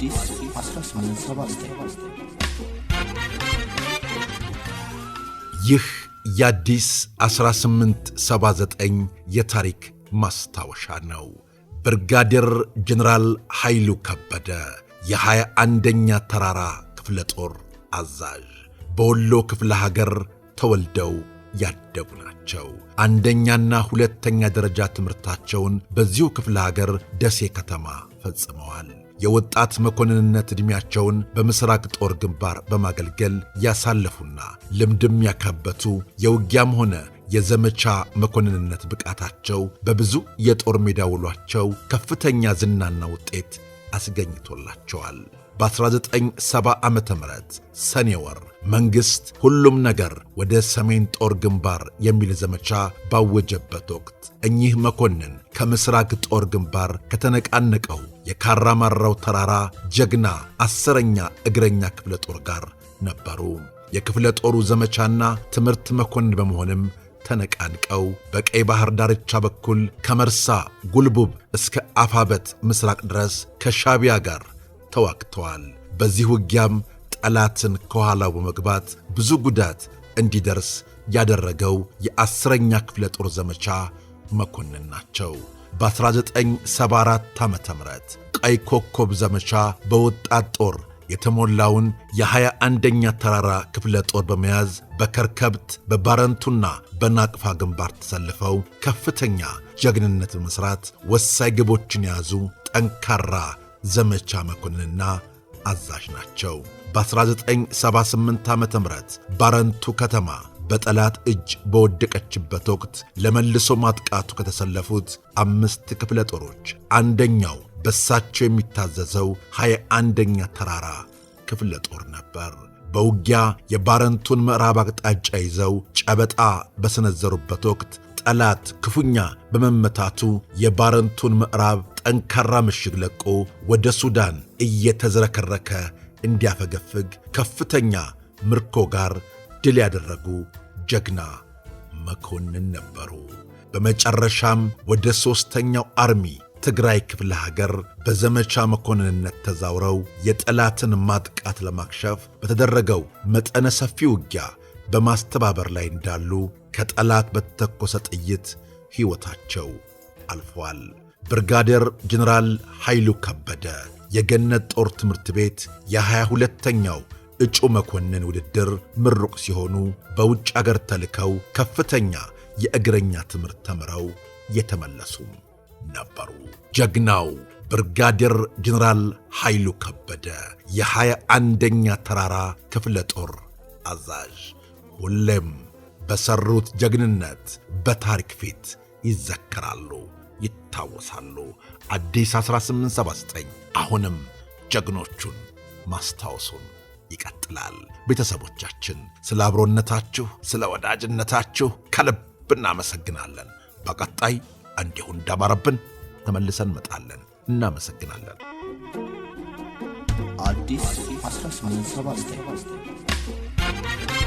አዲስ 1879 ይህ የአዲስ 1879 የታሪክ ማስታወሻ ነው። ብርጋዴር ጀኔራል ኃይሉ ከበደ የሃያ አንደኛ ተራራ ክፍለ ጦር አዛዥ በወሎ ክፍለ ሀገር ተወልደው ያደጉ ናቸው። አንደኛና ሁለተኛ ደረጃ ትምህርታቸውን በዚሁ ክፍለ ሀገር ደሴ ከተማ ፈጽመዋል። የወጣት መኮንንነት ዕድሜያቸውን በምሥራቅ ጦር ግንባር በማገልገል ያሳለፉና ልምድም ያካበቱ የውጊያም ሆነ የዘመቻ መኮንንነት ብቃታቸው በብዙ የጦር ሜዳ ውሏቸው ከፍተኛ ዝናና ውጤት አስገኝቶላቸዋል። በ1970 ዓ ም ሰኔ ወር መንግሥት ሁሉም ነገር ወደ ሰሜን ጦር ግንባር የሚል ዘመቻ ባወጀበት ወቅት እኚህ መኮንን ከምሥራቅ ጦር ግንባር ከተነቃነቀው የካራማራው ተራራ ጀግና አስረኛ እግረኛ ክፍለ ጦር ጋር ነበሩ። የክፍለ ጦሩ ዘመቻና ትምህርት መኮንን በመሆንም ተነቃንቀው በቀይ ባህር ዳርቻ በኩል ከመርሳ ጉልቡብ እስከ አፋበት ምስራቅ ድረስ ከሻቢያ ጋር ተዋግተዋል። በዚህ ውጊያም ጠላትን ከኋላው በመግባት ብዙ ጉዳት እንዲደርስ ያደረገው የአስረኛ ክፍለ ጦር ዘመቻ መኮንን ናቸው። በ1974 ዓ ም ቀይ ኮከብ ዘመቻ በወጣት ጦር የተሞላውን የ21ኛ ተራራ ክፍለ ጦር በመያዝ በከርከብት በባረንቱና በናቅፋ ግንባር ተሰልፈው ከፍተኛ ጀግንነት በመሥራት ወሳኝ ግቦችን የያዙ ጠንካራ ዘመቻ መኮንንና አዛዥ ናቸው። በ1978 ዓ ም ባረንቱ ከተማ በጠላት እጅ በወደቀችበት ወቅት ለመልሶ ማጥቃቱ ከተሰለፉት አምስት ክፍለ ጦሮች አንደኛው በሳቸው የሚታዘዘው 21 አንደኛ ተራራ ክፍለ ጦር ነበር። በውጊያ የባረንቱን ምዕራብ አቅጣጫ ይዘው ጨበጣ በሰነዘሩበት ወቅት ጠላት ክፉኛ በመመታቱ የባረንቱን ምዕራብ ጠንካራ ምሽግ ለቆ ወደ ሱዳን እየተዝረከረከ እንዲያፈገፍግ ከፍተኛ ምርኮ ጋር ድል ያደረጉ ጀግና መኮንን ነበሩ። በመጨረሻም ወደ ሦስተኛው አርሚ ትግራይ ክፍለ ሀገር በዘመቻ መኮንንነት ተዛውረው የጠላትን ማጥቃት ለማክሸፍ በተደረገው መጠነ ሰፊ ውጊያ በማስተባበር ላይ እንዳሉ ከጠላት በተተኮሰ ጥይት ሕይወታቸው አልፏል። ብርጋዴር ጀኔራል ኃይሉ ከበደ የገነት ጦር ትምህርት ቤት የ22ተኛው እጩ መኮንን ውድድር ምሩቅ ሲሆኑ በውጭ አገር ተልከው ከፍተኛ የእግረኛ ትምህርት ተምረው የተመለሱ ነበሩ። ጀግናው ብርጋዴር ጀኔራል ኃይሉ ከበደ የሃያ አንደኛ ተራራ ክፍለ ጦር አዛዥ ሁሌም በሰሩት ጀግንነት በታሪክ ፊት ይዘከራሉ። ይታወሳሉ። አዲስ 1879 አሁንም ጀግኖቹን ማስታወሱን ይቀጥላል። ቤተሰቦቻችን ስለ አብሮነታችሁ፣ ስለ ወዳጅነታችሁ ከልብ እናመሰግናለን። በቀጣይ እንዲሁ እንዳማረብን ተመልሰን እንመጣለን። እናመሰግናለን። አዲስ 1879